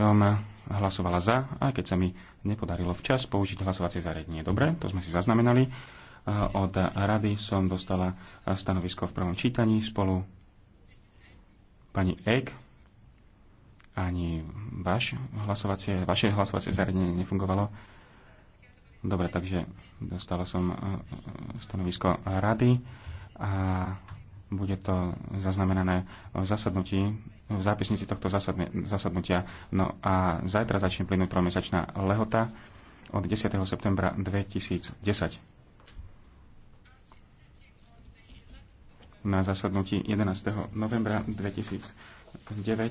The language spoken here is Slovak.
som hlasovala za, aj keď sa mi nepodarilo včas použiť hlasovacie zariadenie. Dobre, to sme si zaznamenali. Eh, od rady som dostala stanovisko v prvom čítaní spolu pani Ek. Ani vaš hlasovacie, vaše hlasovacie zariadenie nefungovalo. Dobre, takže dostala som eh, stanovisko rady a bude to zaznamenané v zasadnutí v zápisnici tohto zasadnutia. No a zajtra začne plynúť promesačná lehota od 10. septembra 2010. Na zasadnutí 11. novembra 2009